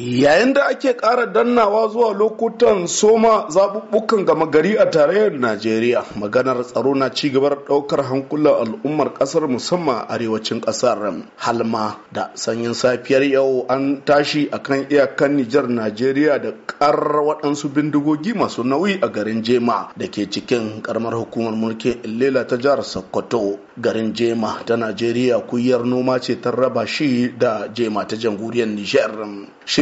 yayin da ake ƙara dannawa zuwa lokutan soma zaɓuɓɓukan gama gari a tarayyar najeriya maganar tsaro na ci gaba ɗaukar hankulan al'ummar ƙasar musamman arewacin ƙasar halma da sanyin safiyar yau an tashi akan iyakan nijar najeriya da ƙarar waɗansu bindigogi masu nauyi a garin jema da ke cikin ƙaramar hukumar mulkin illela ta jihar sokoto garin jema ta najeriya kuyar noma ce ta raba shi da jema ta jamhuriyar nijar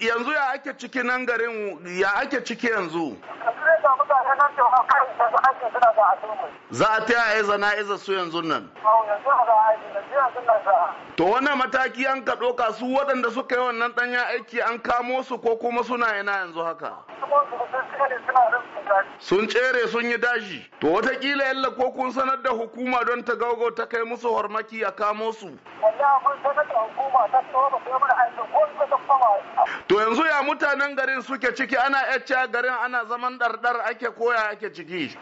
yanzu ya ake ciki nan garin ya ake ciki yanzu za a taya ya zana iza su yanzu nan to wannan mataki an ka ɗoka su waɗanda suka yi wannan ɗanya aiki an kamo su ko kuma suna ina yanzu haka sun tsere sun yi dashi to watakila yalla ko kun sanar da hukuma don ta gaugo ta kai musu hormaki a kamo su to yanzu ya mutanen garin suke ciki ana yacca garin ana zaman ɗarɗa faɗar ake koya ake ciki. Eh, eh,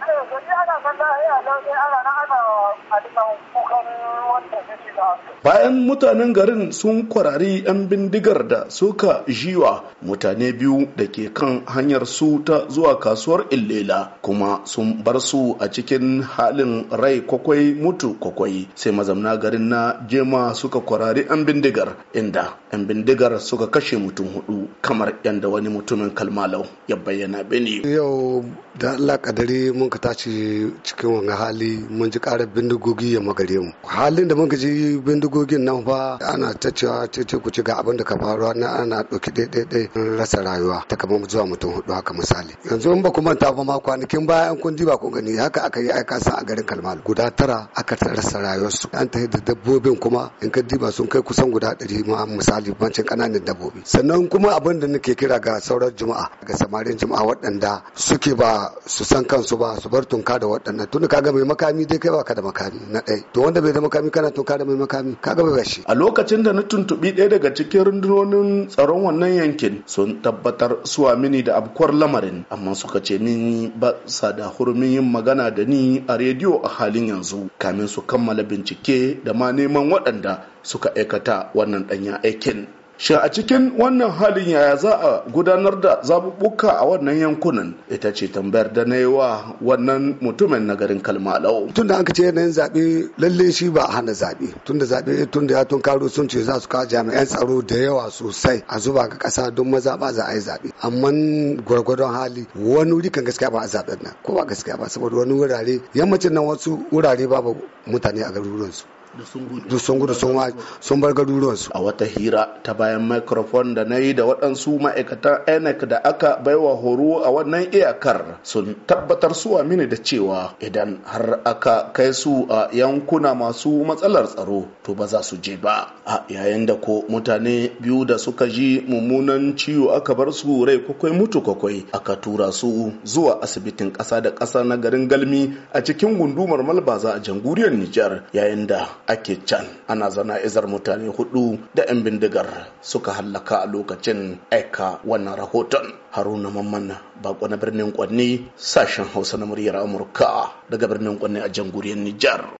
Bayan mutanen garin sun kwarari 'yan bindigar da suka jiwa mutane biyu da ke kan hanyar su ta zuwa kasuwar Illela kuma sun bar su a cikin halin rai kwakwai mutu kwakwai sai mazamna garin na Jema suka kwarari 'yan bindigar inda 'yan bindigar suka kashe mutum hudu kamar yadda wani mutumin kalmalau ya bayyana bene. Yau da Allah kadari mun ka tashi cikin wani hali mun ji karar bindigogi ya magare mu halin da muka ji bindigogin nan fa ana ta cewa ce ku ci ga abin da ka faruwa na ana ɗauki ɗaiɗaiɗai rasa rayuwa ta kamar zuwa mutum hudu haka misali yanzu in ba ku manta ba ma kwanakin baya an kun ba ku gani haka aka yi aika san a garin kalmal guda tara aka rasa rayuwarsu an ta da dabbobin kuma in ka diba sun kai kusan guda ɗari ma misali bancin kananan dabbobi sannan kuma abin da nake kira ga sauran juma'a ga samarin juma'a waɗanda suke suke ba su san kansu ba su bar tunka da waɗannan tun kaga mai makami dai kai baka da makami na ɗaya to wanda bai da makami kana tunka da mai makami kaga ba shi a lokacin da na tuntubi ɗaya daga cikin rundunonin tsaron wannan yankin sun tabbatar suwa mini da abkuwar lamarin amma suka ce ni ba sa da hurumin yin magana da ni a rediyo a halin yanzu kamin su kammala bincike da ma neman waɗanda suka aikata wannan ɗanyen aikin shi a cikin wannan halin yaya za a gudanar da zaɓuɓɓuka a wannan yankunan ita ce tambayar da na yi wa wannan mutumin na garin Kalmalau. da aka ce yanayin zabe lalle shi ba a hana zaɓe. da zaɓe da ya tun karo sun ce za su kawo jami'an tsaro da yawa sosai a zuba ga ƙasa don maza ba za a yi zaɓe. Amma gwargwadon hali wani wuri kan gaskiya ba a zaɓen nan ko ba gaskiya ba saboda wani wurare yammacin nan wasu wurare babu mutane a garuruwansu. da sun gudu sun bar garuruwansu a wata hira ta bayan microphone da na yi da waɗansu ma'aikatan ENEC da aka baiwa horo a wannan iyakar sun tabbatar suwa mini da cewa idan har aka kai su a yankuna masu matsalar tsaro to ba za su je ba a yayin da ko mutane biyu da suka ji mummunan ciwo aka bar su rai kwakwai mutu kwakwai aka tura su zuwa asibitin ƙasa da ƙasa na garin Galmi a cikin gundumar Malbaza a jamhuriyar Nijar yayin da ake can ana zana izar mutane hudu da 'yan bindigar suka hallaka a lokacin aika wannan rahoton. Haruna Mamman bako na birnin Kwanne sashen Hausa na muryar Amurka daga birnin Kwanne a jamhuriyar Nijar.